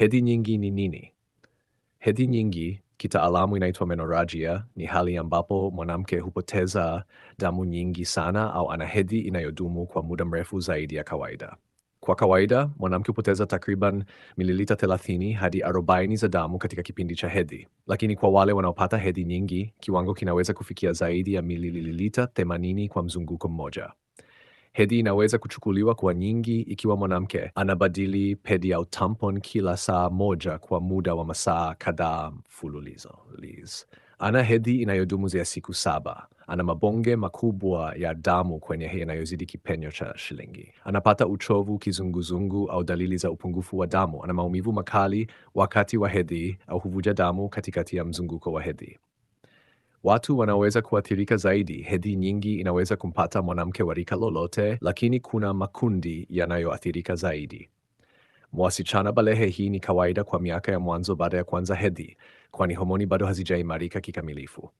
Hedhi nyingi ni nini? Hedhi nyingi kitaalamu inaitwa menorrhagia ni hali ambapo mwanamke hupoteza damu nyingi sana au ana hedhi inayodumu kwa muda mrefu zaidi ya kawaida. Kwa kawaida, mwanamke hupoteza takriban mililita 30 hadi 40 za damu katika kipindi cha hedhi. Lakini kwa wale wanaopata hedhi nyingi, kiwango kinaweza kufikia zaidi ya mililita 80 kwa mzunguko mmoja. Hedhi inaweza kuchukuliwa kwa nyingi ikiwa mwanamke anabadili pedi au tampon kila saa moja kwa muda wa masaa kadhaa mfululizo. ana hedhi inayodumu ya siku saba. Ana mabonge makubwa ya damu kwenye hii inayozidi kipenyo cha shilingi. Anapata uchovu, kizunguzungu au dalili za upungufu wa damu. Ana maumivu makali wakati wa hedhi au huvuja damu katikati ya mzunguko wa hedhi watu wanaweza kuathirika zaidi. Hedhi nyingi inaweza kumpata mwanamke wa rika lolote, lakini kuna makundi yanayoathirika zaidi. Mwasichana balehe, hii ni kawaida kwa miaka ya mwanzo baada ya kuanza hedhi, kwani homoni bado hazijaimarika kikamilifu.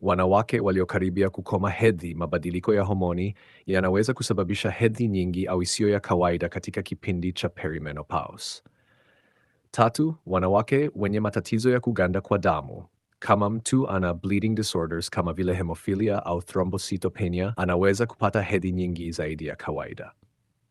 Wanawake waliokaribia kukoma hedhi, mabadiliko ya homoni yanaweza kusababisha hedhi nyingi au isiyo ya kawaida katika kipindi cha perimenopause. Tatu, wanawake wenye matatizo ya kuganda kwa damu kama mtu ana bleeding disorders kama vile hemophilia au thrombocytopenia, anaweza kupata hedhi nyingi zaidi ya kawaida.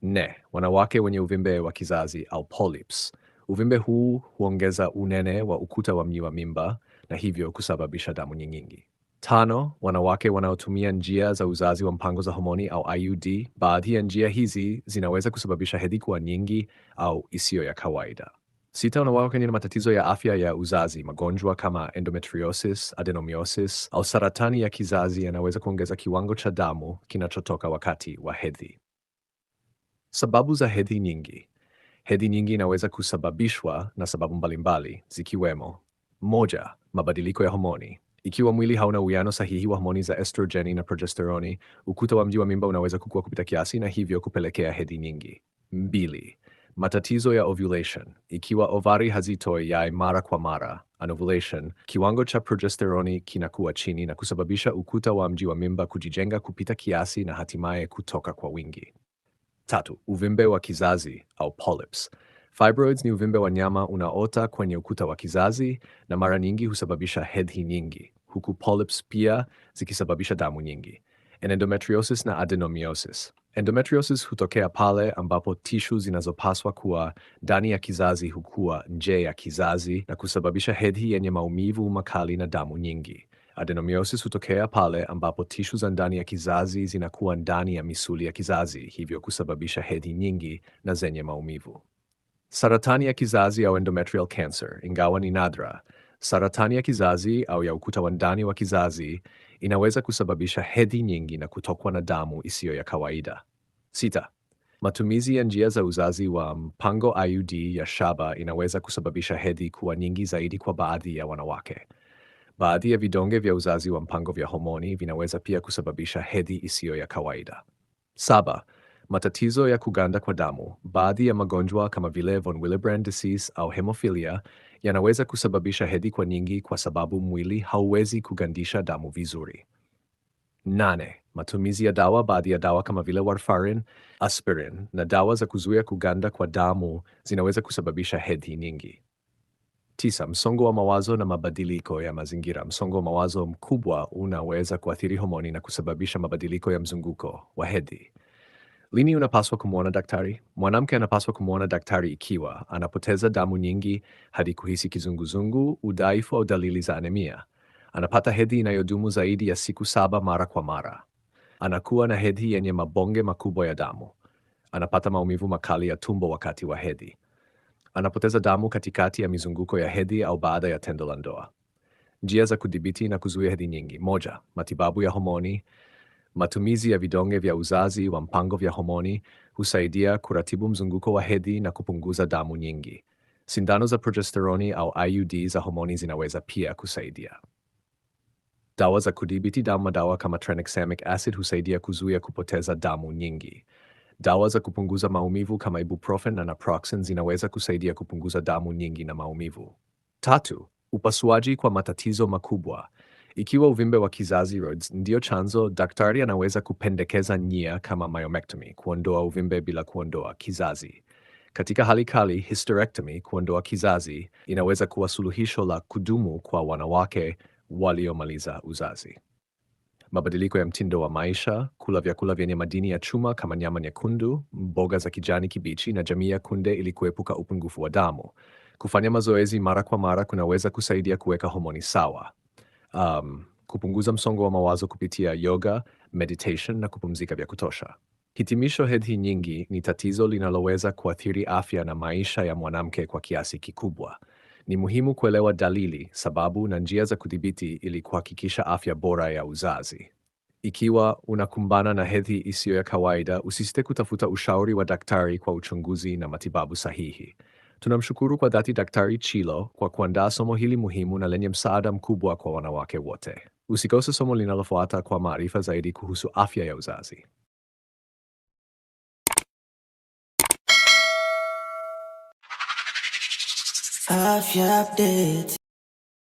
Ne, wanawake wenye uvimbe wa kizazi au polyps. Uvimbe huu huongeza unene wa ukuta wa mji wa mimba na hivyo kusababisha damu nyingi. Tano, wanawake wanaotumia njia za uzazi wa mpango za homoni au IUD. Baadhi ya njia hizi zinaweza kusababisha hedhi kuwa nyingi au isiyo ya kawaida. Sita wanawake na matatizo ya afya ya uzazi. Magonjwa kama endometriosis, adenomiosis au saratani ya kizazi yanaweza kuongeza kiwango cha damu kinachotoka wakati wa hedhi. Sababu za hedhi nyingi. Hedhi nyingi inaweza kusababishwa na sababu mbalimbali zikiwemo: moja, mabadiliko ya homoni. Ikiwa mwili hauna uwiano sahihi wa homoni za estrojeni na progesteroni, ukuta wa mji wa mimba unaweza kukua kupita kiasi na hivyo kupelekea hedhi nyingi. Mbili, matatizo ya ovulation. Ikiwa ovari hazitoi yai mara kwa mara, anovulation, kiwango cha progesteroni kinakuwa chini na kusababisha ukuta wa mji wa mimba kujijenga kupita kiasi na hatimaye kutoka kwa wingi. Tatu, uvimbe wa kizazi au polyps. Fibroids ni uvimbe wa nyama unaota kwenye ukuta wa kizazi na mara nyingi husababisha hedhi nyingi, huku polyps pia zikisababisha damu nyingi. Endometriosis na adenomyosis. Endometriosis hutokea pale ambapo tishu zinazopaswa kuwa ndani ya kizazi hukua nje ya kizazi na kusababisha hedhi yenye maumivu makali na damu nyingi. Adenomiosis hutokea pale ambapo tishu za ndani ya kizazi zinakuwa ndani ya misuli ya kizazi, hivyo kusababisha hedhi nyingi na zenye maumivu. Saratani ya kizazi au endometrial cancer, ingawa ni nadra, Saratani ya kizazi au ya ukuta wa ndani wa kizazi inaweza kusababisha hedhi nyingi na kutokwa na damu isiyo ya kawaida. Sita, matumizi ya njia za uzazi wa mpango IUD ya shaba inaweza kusababisha hedhi kuwa nyingi zaidi kwa baadhi ya wanawake. Baadhi ya vidonge vya uzazi wa mpango vya homoni vinaweza pia kusababisha hedhi isiyo ya kawaida. Saba, matatizo ya kuganda kwa damu. Baadhi ya magonjwa kama vile von Willebrand disease au hemophilia yanaweza kusababisha hedhi kwa nyingi kwa sababu mwili hauwezi kugandisha damu vizuri. Nane, matumizi ya dawa. Baadhi ya dawa kama vile warfarin, aspirin na dawa za kuzuia kuganda kwa damu zinaweza kusababisha hedhi nyingi. Tisa, msongo wa mawazo na mabadiliko ya mazingira. Msongo wa mawazo mkubwa unaweza kuathiri homoni na kusababisha mabadiliko ya mzunguko wa hedhi. Lini unapaswa kumwona daktari? Mwanamke anapaswa kumwona daktari ikiwa anapoteza damu nyingi hadi kuhisi kizunguzungu, udhaifu au dalili za anemia, anapata hedhi inayodumu zaidi ya siku saba mara kwa mara, anakuwa na hedhi yenye mabonge makubwa ya damu, anapata maumivu makali ya tumbo wakati wa hedhi, anapoteza damu katikati ya mizunguko ya hedhi au baada ya tendo la ndoa. Njia za kudhibiti na kuzuia hedhi nyingi: moja, matibabu ya homoni Matumizi ya vidonge vya uzazi wa mpango vya homoni husaidia kuratibu mzunguko wa hedhi na kupunguza damu nyingi. Sindano za progesteroni au IUD za homoni zinaweza pia kusaidia. Dawa za kudhibiti damu. Madawa kama tranexamic acid husaidia kuzuia kupoteza damu nyingi. Dawa za kupunguza maumivu kama ibuprofen na naproxen zinaweza kusaidia kupunguza damu nyingi na maumivu. Tatu, upasuaji kwa matatizo makubwa. Ikiwa uvimbe wa kizazi Rhodes ndiyo chanzo, daktari anaweza kupendekeza njia kama myomectomy, kuondoa uvimbe bila kuondoa kizazi. Katika hali kali, hysterectomy, kuondoa kizazi, inaweza kuwa suluhisho la kudumu kwa wanawake waliomaliza uzazi. Mabadiliko ya mtindo wa maisha, kula vyakula vyenye madini ya chuma kama nyama nyekundu, mboga za kijani kibichi na jamii ya kunde ili kuepuka upungufu wa damu. Kufanya mazoezi mara kwa mara kunaweza kusaidia kuweka homoni sawa um, kupunguza msongo wa mawazo kupitia yoga, meditation na kupumzika vya kutosha. Hitimisho, hedhi nyingi ni tatizo linaloweza kuathiri afya na maisha ya mwanamke kwa kiasi kikubwa. Ni muhimu kuelewa dalili, sababu na njia za kudhibiti ili kuhakikisha afya bora ya uzazi. Ikiwa unakumbana na hedhi isiyo ya kawaida, usisite kutafuta ushauri wa daktari kwa uchunguzi na matibabu sahihi. Tunamshukuru kwa dhati Daktari Chilo kwa kuandaa somo hili muhimu na lenye msaada mkubwa kwa wanawake wote. Usikose somo linalofuata kwa maarifa zaidi kuhusu afya ya uzazi. Afya update.